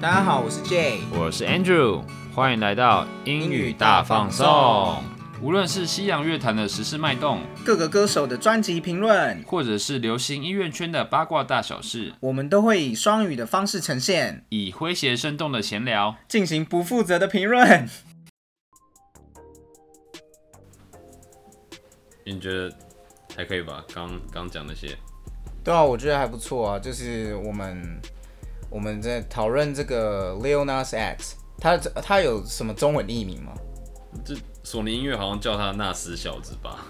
大家好，我是 Jay。我是 Andrew，歡迎來到英語大放送。放送無論是西洋樂壇的時事脈動，各個歌手的專輯評論，或者是流行音樂圈的八卦大小事，我們都會以雙語的方式呈現，以詼諧生動的閒聊進行不負責的評論。你覺得還可以吧？剛剛講那些？對啊，我覺得還不錯啊，就是我們。我們在討論這個 Lil Nas X，他，他有什麼中文譯名嗎？這索尼音樂好像叫他納斯小子吧。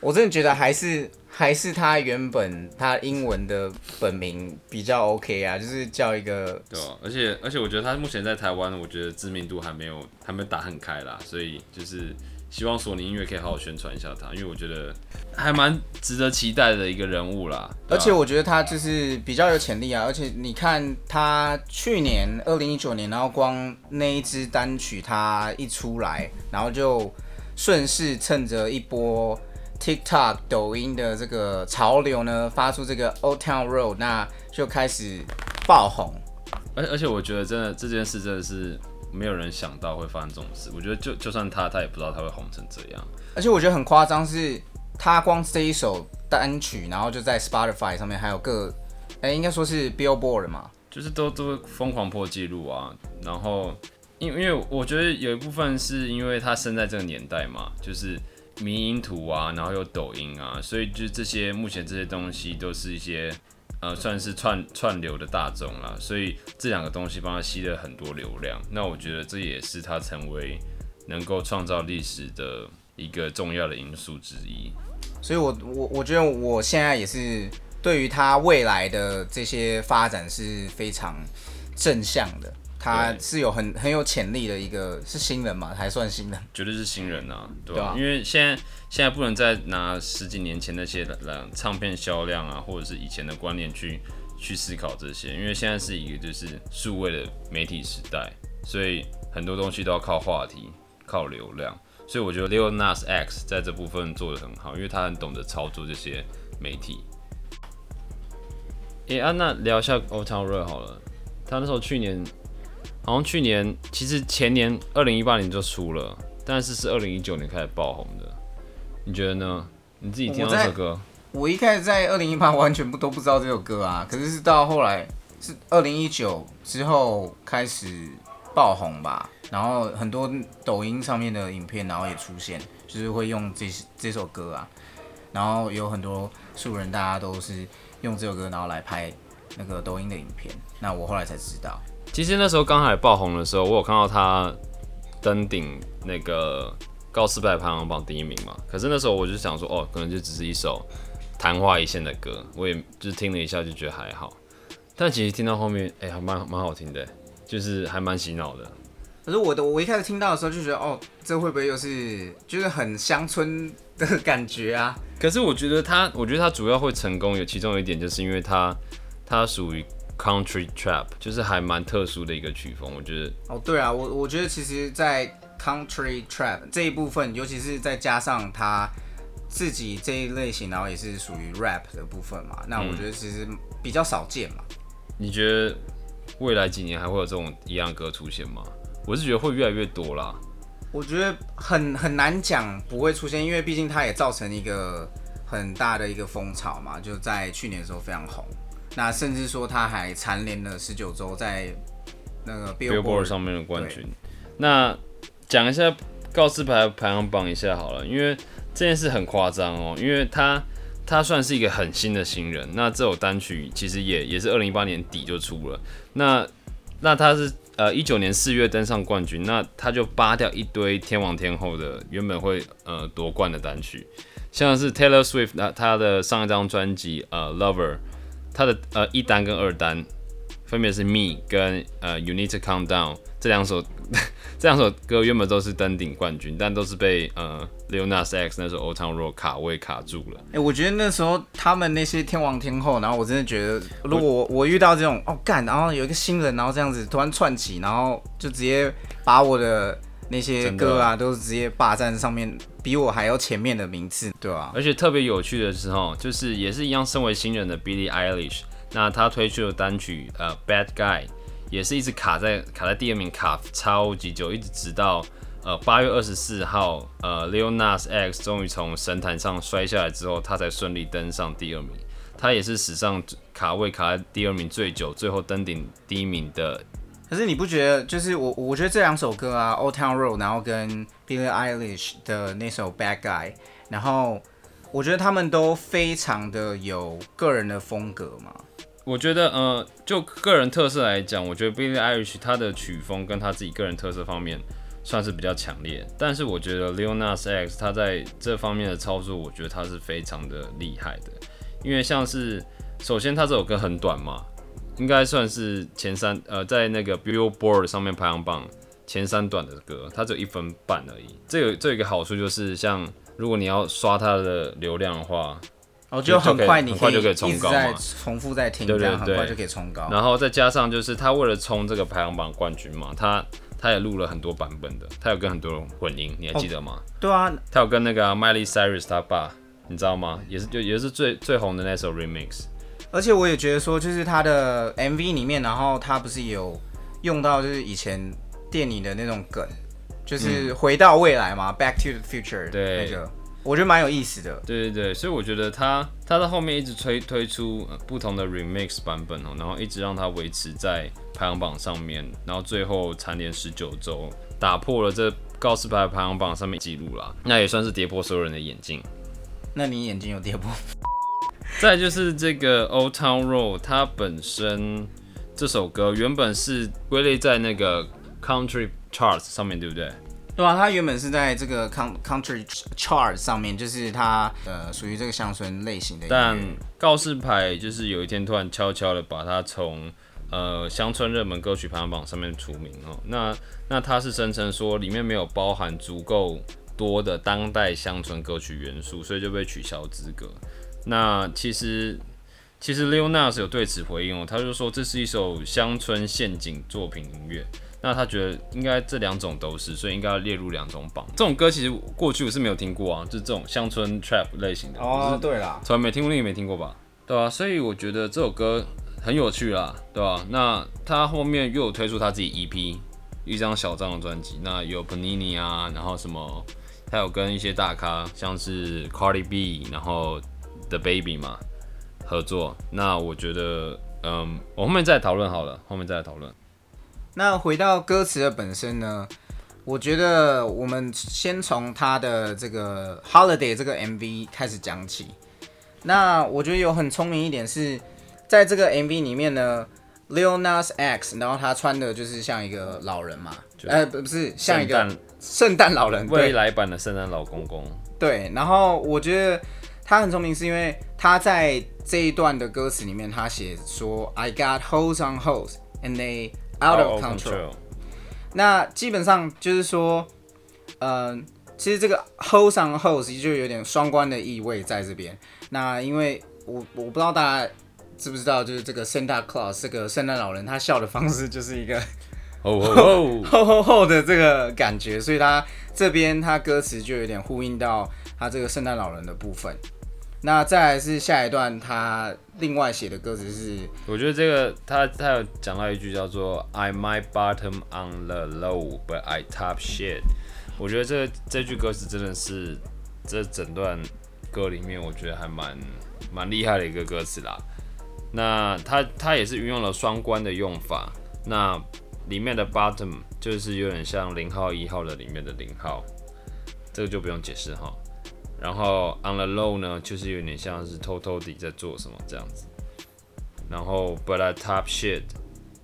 我真的覺得還是還是他原本他英文的本名比較 OK 啊，就是叫一個。對啊，而且而且我覺得他目前在台灣，我覺得知名度還沒有還沒打很開啦，所以就是。希望索尼音樂可以好好宣傳一下他，因為我覺得還蠻值得期待的一個人物啦。啊、而且我覺得他就是比較有潛力啊。而且你看他去年二零一九年，然後光那一支單曲他一出來，然後就順勢趁着一波 TikTok 抖音的這個潮流呢，發出這個《Old Town Road》，那就開始爆紅。而而且我覺得真的這件事真的是。沒有人想到會發生這種事，我覺得就就算他，他也不知道他會紅成這樣。而且我覺得很誇張，是他光是這一首單曲，然後就在 Spotify 上面還有各，哎、欸，應該說是 Billboard 嘛，就是都都瘋狂破紀錄啊。然後，因因為我覺得有一部分是因為他生在這個年代嘛，就是迷因圖啊，然後有抖音啊，所以就這些目前這些東西都是一些。呃，算是串串流的大眾啦，所以這兩個東西幫他吸了很多流量。那我覺得這也是他成為能夠創造歷史的一個重要的因素之一。所以我我我覺得我現在也是對於他未來的這些發展是非常正向的。他是有很很有潛力的一個，是新人嘛，還算新人，絕對是新人吶、啊，對吧、啊？對啊、因為現在現在不能再拿十幾年前那些呃唱片銷量啊，或者是以前的觀念去去思考這些，因為現在是一個就是數位的媒體時代，所以很多東西都要靠話題、靠流量，所以我覺得 Lil Nas X 在這部分做的很好，因為他很懂得操作這些媒體。誒、欸，安、啊、娜聊一下 Old Town Road 好了，他那時候去年。好像去年，其實前年二零一八年就出了，但是是二零一九年開始爆紅的。你覺得呢？你自己聽到這歌，我，我一開始在二零一八完全不都不知道這首歌啊。可是是到後來是二零一九之後開始爆紅吧。然後很多抖音上面的影片，然後也出現，就是會用這這首歌啊。然後有很多素人，大家都是用這首歌，然後來拍那個抖音的影片。那我後來才知道。其實那時候剛才爆紅的時候，我有看到他登頂那個告示牌排行榜，榜第一名嘛。可是那時候我就想說，哦，可能就只是一首曇花一現的歌，我也就是聽了一下就覺得還好。但其實聽到後面，哎、欸、呀，蠻蠻好聽的，就是還蠻洗腦的。可是我的，我一開始聽到的時候就覺得，哦，這會不會又是就是很鄉村的感覺啊？可是我覺得他，我覺得他主要會成功有其中一點，就是因為他他屬於。Country Trap 就是還蠻特殊的一個曲風，我覺得。哦，對啊，我我覺得其實，在 Country Trap 這一部分，尤其是再加上他自己這一類型，然後也是屬於 rap 的部分嘛，那我覺得其實比較少見嘛。嗯，你覺得未來幾年還會有這種一樣歌出現嗎？我是覺得會越來越多啦。我覺得很很難講不會出現，因為畢竟它也造成一個很大的一個風潮嘛，就在去年的時候非常紅。那甚至說他還蟬聯了十九周在那個 Billboard Billboard，對，上面的冠軍。那講一下告示牌排行榜一下好了，因為這件事很誇張哦，因為他他算是一個很新的新人。那這首單曲其實也也是二零一八年底就出了。那那他是呃一九年四月登上冠軍，那他就扒掉一堆天王天後的原本會呃奪冠的單曲，像是 Taylor Swift 那他的上一張專輯呃 Lover。他的呃一單跟二單分別是 Me《Me》跟呃《You Need To Calm Down》這兩首呵呵，這兩首歌原本都是登頂冠軍，但都是被呃 Lil Nas X 那首《Old Town Road 卡》卡位卡住了。哎、欸，我覺得那時候他們那些天王天後，然後我真的覺得，如果我，我遇到這種哦幹，然後有一個新人，然後這樣子突然竄起，然後就直接把我的。那些歌啊，的都是直接霸佔上面比我還要前面的名次，對啊，而且特別有趣的是哦，就是也是一樣，身為新人的 Billie Eilish，那他推出的單曲呃《Bad Guy》也是一直卡在卡在第二名卡超級久，一直直到呃八月二十四號，呃 Lil Nas X 終於從神壇上摔下來之後，他才順利登上第二名。他也是史上卡位卡在第二名最久，最後登頂第一名的。可是你不覺得，就是我，我覺得這兩首歌啊，《Old Town Road》然後跟 Billie Eilish 的那首《Bad Guy》，然後我覺得他們都非常的有個人的風格嘛。我覺得，呃，就個人特色來講，我覺得 Billie Eilish 他的曲風跟他自己個人特色方面算是比較強烈。但是我覺得 Lil Nas X 他在這方面的操作，我覺得他是非常的厲害的，因為像是首先他這首歌很短嘛。應該算是前三，呃，在那個 Billboard 上面排行榜前三段的歌，它只有一分半而已。這個這一個好處就是像，像如果你要刷它的流量的話，哦、就很快你，嘛很快就可以衝高、哦、以重複在聽，對對很快就可以衝高。然後再加上就是他為了衝這個排行榜冠軍嘛，他他也錄了很多版本的，他有跟很多人混音，你還記得嗎？哦、對啊，他有跟那個、啊、Miley Cyrus 他爸，你知道嗎？也是也就也是最最紅的那首 Remix。而且我也覺得說，就是他的 MV 裡面，然後他不是有用到就是以前電影的那種梗，就是回到未來嘛，Back to the Future、嗯、那個，我覺得蠻有意思的。對對對，所以我覺得他他在後面一直推推出不同的 remix 版本哦，然後一直讓他維持在排行榜上面，然後最後蟬聯十九周，打破了這告示牌排行榜上面記錄啦。那也算是跌破所有人的眼鏡。那你眼睛有跌破？再來就是這個 Old Town Road，它本身這首歌原本是歸類在那個 Country Charts 上面，對不對？對啊，它原本是在這個 Country Charts 上面，就是它呃屬於這個鄉村類型的。但告示牌就是有一天突然悄悄的把它從呃鄉村熱門歌曲排行榜上面除名哦。那那它是聲稱說裡面沒有包含足夠多的當代鄉村歌曲元素，所以就被取消資格。那其實其實 Lil Nas 是有對此回應哦、喔，他就說這是一首鄉村陷阱作品音樂。那他覺得應該這兩種都是，所以應該要列入兩種榜。這種歌其實過去我是沒有聽過啊，就這種鄉村 trap 類型的哦，對啦，從來沒聽過，那個啦沒，沒聽過吧？對啊，所以我覺得這首歌很有趣啦，對吧、啊？那他後面又有推出他自己 EP，一張小張的專輯，那有 Panini 啊，然後什麼，他有跟一些大咖，像是 Cardi B，然後。的 baby 嘛合作，那我覺得，嗯，我後面再討論好了，後面再來討論。那回到歌詞的本身呢，我覺得我們先從他的這個 Holiday 這個 MV 開始講起。那我覺得有很聰明一點是，在這個 MV 裡面呢 Lil Nas X，然後他穿的就是像一個老人嘛，就呃，不不是像一個聖誕老人，未來版的聖誕老公公。對。對，然後我覺得。他很聰明，是因為他在這一段的歌詞裡面他，他寫說 "I got hoes on hoes and they out of control"。Oh, all control. 那基本上就是說，嗯、呃，其實這個 "hoes on hoes" 就有點雙關的意味在這邊。那因為我我不知道大家知不知，不知道，就是這個 Santa Claus 這個聖誕老人，這個、老人他笑的方式就是一個哦吼吼吼的這個感覺，所以他這邊他歌詞就有點呼應到他這個聖誕老人的部分。那再來是下一段，他另外寫的歌詞是，我覺得這個他他有講到一句叫做 I my bottom on the low, but I top shit。我覺得這這句歌詞真的是這整段歌裡面，我覺得還蠻蠻厲害的一個歌詞啦。那他他也是運用了雙關的用法，那裡面的 bottom 就是有點像零號一號的裡面的零號，這個就不用解釋哈。然後 on the low 呢，就是有點像是偷偷的在做什麼這樣子。然後 but a top shit，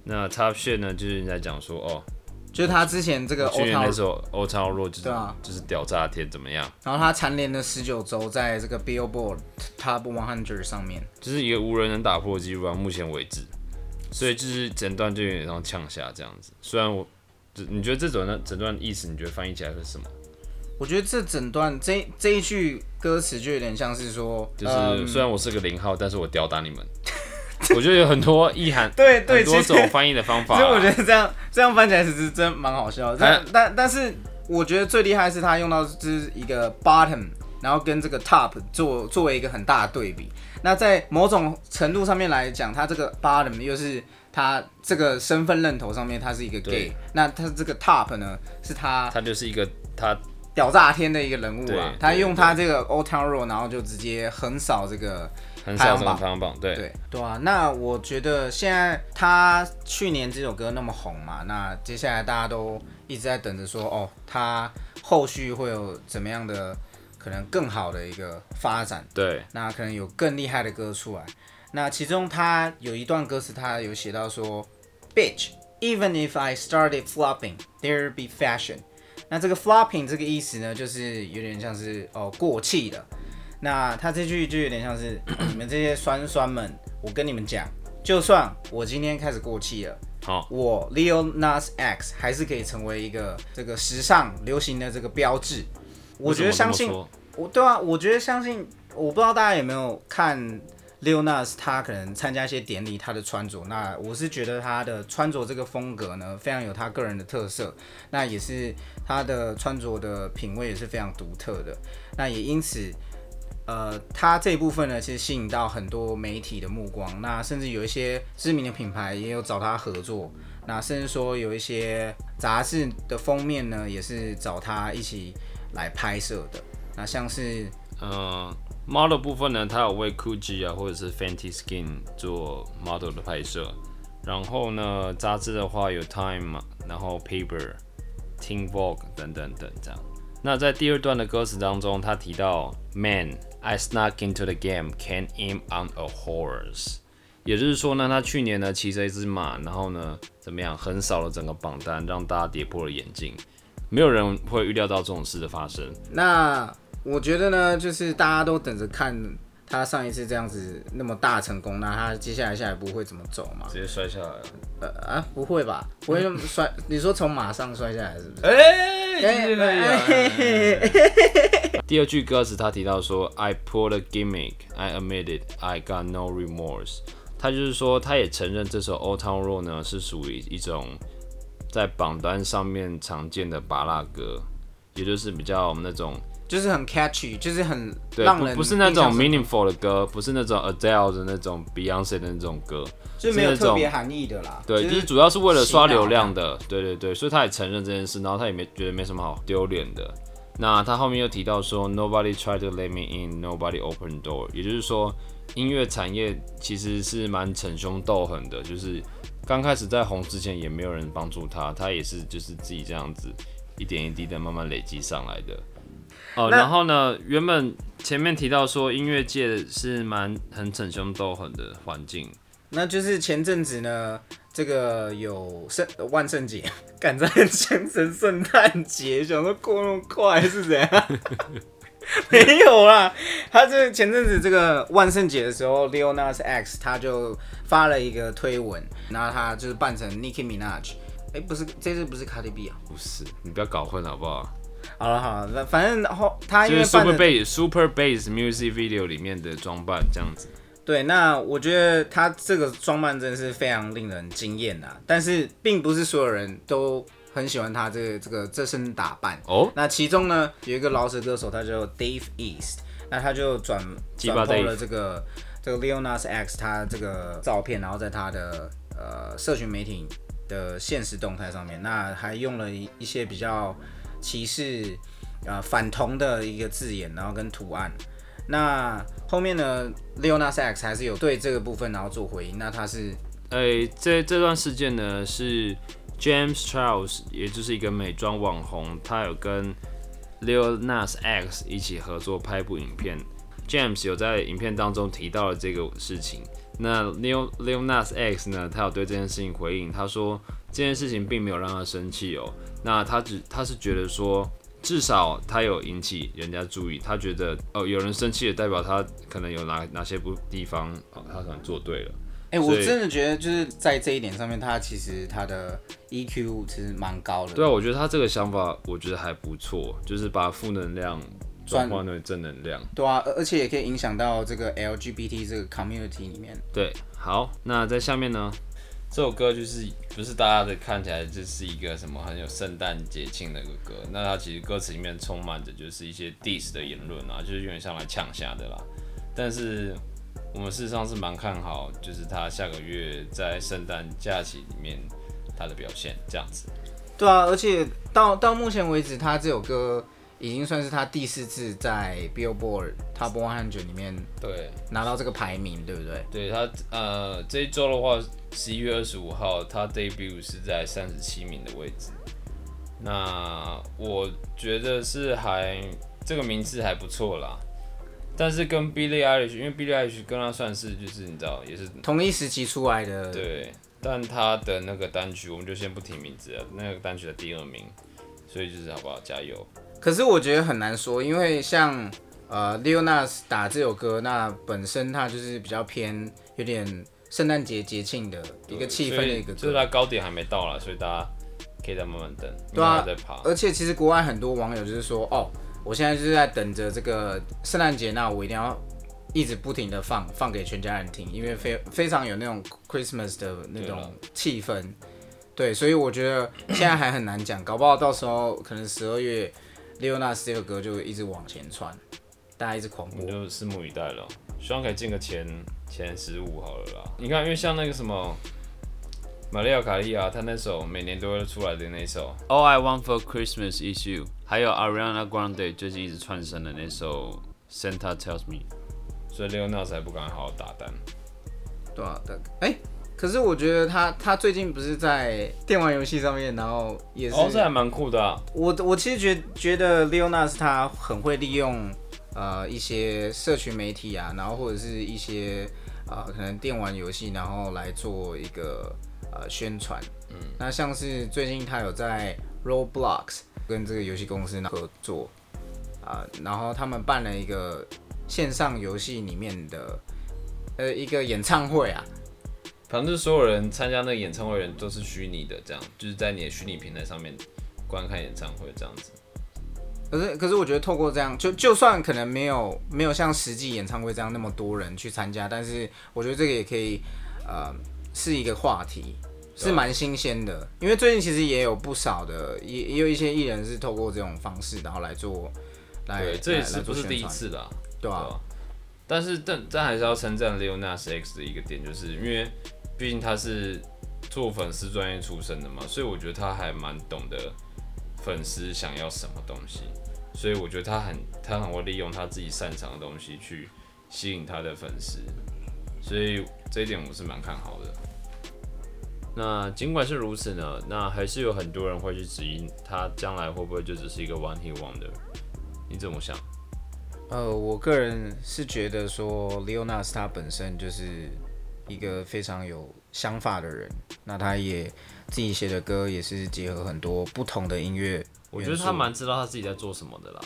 那 top shit 呢，就是人家講說哦，就是他之前這個 Old Town 那時候 Old Town Road，就是、啊、就是屌炸天怎麼樣？然後他蟬聯了十九周在這個 Billboard Top 100上面，就是一個無人能打破的記錄啊，目前為止。所以就是整段就有點像嗆下這樣子。雖然我，你覺得這種整段意思，你覺得翻譯起來是什麼？我覺得這整段這一這一句歌詞就有點像是說，就是雖然我是個零號，嗯、但是我吊打你們。 我覺得有很多意涵，對對，對，很多這種翻譯的方法其。其實我覺得這樣這樣翻起來是真蠻好笑，啊但。但但但是，我覺得最厲害是他用到就是一個 bottom，然後跟這個 top 做作為一個很大的對比。那在某種程度上面來講，他這個 bottom 又是他這個身份認同上面他是一個 gay，對那他這個 top 呢是他他就是一個他。屌炸天的一個人物啊！對他用他這個 Old Town r o 然後就直接橫掃這個排行榜，排行榜對對對啊！那我覺得現在他去年這首歌那麼紅嘛，那接下來大家都一直在等着說哦，他後續會有怎麼樣的可能更好的一個發展？對，那可能有更厲害的歌出來。那其中他有一段歌詞，他有寫到說，Bitch，even if I started flopping，there be fashion。那這個 flopping 這個意思呢，就是有點像是哦、呃、過氣的。那他這句就有點像是 你們這些酸酸們，我跟你們講，就算我今天開始過氣了，好，我 Lil Nas X 還是可以成為一個這個時尚流行的這個標誌。我覺得相信，為什麼那麼說？我對啊，我覺得相信，我不知道大家有沒有看。Lil Nas 他可能參加一些典禮，他的穿着，那我是覺得他的穿着這個風格呢，非常有他個人的特色，那也是他的穿着的品味也是非常獨特的，那也因此，呃，他這一部分呢，其實吸引到很多媒體的目光，那甚至有一些知名的品牌也有找他合作，那甚至說有一些雜誌的封面呢，也是找他一起來拍攝的，那像是，嗯、uh。model 部分呢，他有為 Gucci 啊或者是 Fenty Skin 做 model 的拍攝。然後呢，雜誌的話有 Time，然後 Paper，Teen Vogue 等等等等這樣。那在第二段的歌詞當中，他提到 Man I snuck into the game, can aim on a horse，也就是說呢，他去年呢騎着一隻馬，然後呢怎麼樣橫掃了整個榜單，讓大家跌破了眼鏡。沒有人會預料到這種事的發生。那我覺得呢，就是大家都等着看他上一次這樣子那麼大成功，那他接下來下一步會怎麼走嘛？直接摔下來了？呃啊，不會吧？不會那麼摔？你說從馬上摔下來是不是？哎、欸，第二句歌詞他提到說 ，I pulled a gimmick, I admit it, I got no remorse。他就是說，他也承認這首《Old Town Road》呢是屬於一種在榜單上面常見的芭樂歌，也就是比較我們那種。就是很 catchy，就是很讓人對不,不是那種 meaningful 的歌，不是那種 Adele 的那種 Beyoncé 的那種歌，就沒有是特別含義的啦。對，就是主要是為了刷流量的。啊、對對對，所以他也承認這件事，然後他也沒覺得沒什麼好丟臉的。那他後面又提到說，Nobody tried to let me in，Nobody opened door，也就是說，音樂產業其實是蠻逞凶鬥狠的。就是剛開始在紅之前也沒有人幫助他，他也是就是自己這樣子一點一滴的慢慢累積上來的。哦，那然後呢？原本前面提到說音樂界是蠻很逞兇鬥狠的環境，那就是前陣子呢，這個有聖萬聖節趕在前程聖誕節，想說過那麼快是怎樣？ 沒有啦，他就是前陣子這個萬聖節的時候 ，Lil Nas X 他就發了一個推文，那他就是扮成 Nicki Minaj，哎，不是，這次不是 Cardi B 啊，不是，你不要搞混好不好？好了好了，那反正後他因為是不是 super bass super bass music video 裡面的裝扮這樣子，對，那我覺得他這個裝扮真的是非常令人驚豔啊。但是並不是所有人都很喜歡他這個、這個這身打扮哦。Oh? 那其中呢，有一個饒舌歌手，他叫 Dave East，那他就轉轉 PO 了這個 Dave. 這個 Lil Nas X 他這個照片，然後在他的呃社群媒體的限時動態上面，那還用了一些比較。歧視，呃，反同的一個字眼，然後跟圖案。那後面呢，Lil Nas X 還是有對這個部分然後做回應。那他是，誒、欸，這這段事件呢是 James Charles，也就是一個美妝網紅，他有跟 Lil Nas X 一起合作拍部影片。James 有在影片當中提到了這個事情。那 Lil Lil Nas X 呢，他有對這件事情回應，他說這件事情並沒有讓他生氣哦。那他只他是覺得說，至少他有引起人家注意，他覺得哦有人生氣也代表他可能有哪哪些不地方哦，他可能做對了。哎、欸，所以我真的覺得就是在這一點上面，他其實他的 EQ 其實蠻高的。對啊，我覺得他這個想法我覺得還不錯，就是把負能量轉換成正能量。對啊，而而且也可以影響到這個 LGBT 這個 community 裡面。對，好，那在下面呢？這首歌就是不，就是大家的看起來就是一個什麼很有聖誕節慶的一個歌。那它其實歌詞裡面充滿着就是一些 diss 的言論啊，就是有點上來嗆下的啦。但是我們事實上是蠻看好，就是他下個月在聖誕假期裡面他的表現這樣子。對啊，而且到到目前為止，他這首歌。已經算是他第四次在 Billboard Top 100裡面對，拿到這個排名，對不對？對，他呃這一周的話，十一月二十五號他 debut 是在三十七名的位置。那我覺得是還這個名字還不錯啦，但是跟 Billie Eilish 因為 Billie Eilish 跟他算是就是你知道也是同一時期出來的。對，但他的那個單曲我們就先不提名字了，那個單曲的第二名，所以就是好不好加油？可是我覺得很難說，因為像呃 Lil Nas X 打這首歌，那本身它就是比較偏有點聖誕節節慶的一個氣氛的一個歌。所以就是它高點還沒到了，所以大家可以再慢慢等，因為他對啊，在爬。而且其實國外很多網友就是說，哦，我現在就是在等着這個聖誕節，那我一定要一直不停的放放給全家人聽，因為非非常有那種 Christmas 的那種氣氛。對，了對，所以我覺得現在還很難講， 搞不好到時候可能十二月。莉奧納斯這首歌就一直往前竄，大家一直狂，我們就拭目以待了。希望可以進個前前十五好了啦。你看，因為像那個什麼瑪麗亞凱莉，他那首每年都會出來的那首《All I Want for Christmas Is You》，還有 Ariana Grande 最近一直竄升的那首《Santa Tell Me》，所以莉奧納斯才不敢好好打單。多少單？哎！ 欸可是我覺得他他最近不是在電玩遊戲上面，然後也是哦，還蠻酷的啊。我我其實覺得覺得 Leona 是他很會利用呃一些社群媒體啊，然後或者是一些呃可能電玩遊戲，然後來做一個呃宣傳。嗯，那像是最近他有在《Roblox》跟這個遊戲公司合作啊，呃，然後他們辦了一個線上遊戲裡面的呃一個演唱會啊。反正就是所有人參加那個演唱會，人都是虛擬的，這樣就是在你的虛擬平台上面觀看演唱會這樣子。可是可是，可是我覺得透過這樣，就就算可能沒有沒有像實際演唱會這樣那麼多人去參加，但是我覺得這個也可以，呃，是一個話題，是蠻新鮮的。啊，因為最近其實也有不少的，也也有一些藝人是透過這種方式，然後來做，來對，這也是不是第一次了，對吧，啊啊。但是但但還是要稱讚 Lil Nas X 的一個點，就是因為。畢竟他是做粉絲專業出身的嘛，所以我覺得他還蠻懂得粉絲想要什麼東西，所以我覺得他很他很會利用他自己擅長的東西去吸引他的粉絲，所以這一點我是蠻看好的。那儘管是如此呢，那還是有很多人會去質疑他將來會不會就只是一個 One Hit Wonder？你怎麼想？呃，我個人是覺得說，Lil Nas X 他本身就是。一個非常有想法的人，那他也自己寫的歌也是結合很多不同的音樂，我，我覺得他蠻知道他自己在做什麼的啦。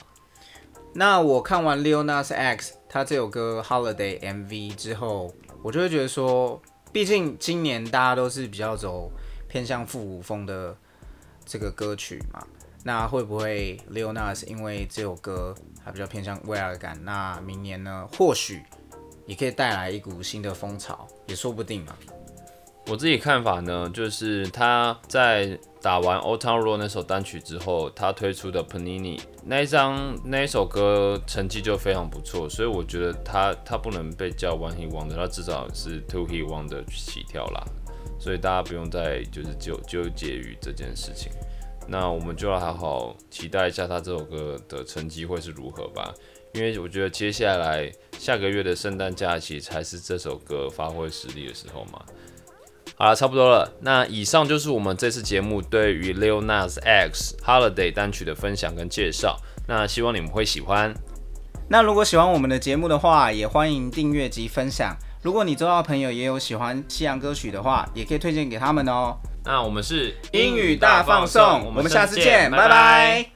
那我看完 Lil Nas X 他這首歌 Holiday MV 之後，我就會覺得說，畢竟今年大家都是比較走偏向復古風的這個歌曲嘛，那會不會 Lil Nas 因為這首歌還比較偏向威爾感，那明年呢或許？也可以帶來一股新的風潮，也說不定嘛。我自己看法呢，就是他在打完《Old Town Road》那首單曲之後，他推出的《Panini》那一張、那一首歌成績就非常不錯，所以我覺得他他不能被叫《One Hit Wonder》的，他至少是《Two Hit Wonder》的起跳啦。所以大家不用再就是糾糾結於這件事情。那我們就要好好期待一下他這首歌的成績會是如何吧。因為我覺得接下來下個月的聖誕假期才是這首歌發揮實力的時候嘛。好了，差不多了。那以上就是我們這次節目對於 Lil Nas X Holiday 單曲的分享跟介紹。那希望你們會喜歡。那如果喜歡我們的節目的話，也歡迎訂閱及分享。如果你周遭朋友也有喜歡西洋歌曲的話，也可以推薦給他們哦。那我們是英語大放送拜，我們下次見，拜拜。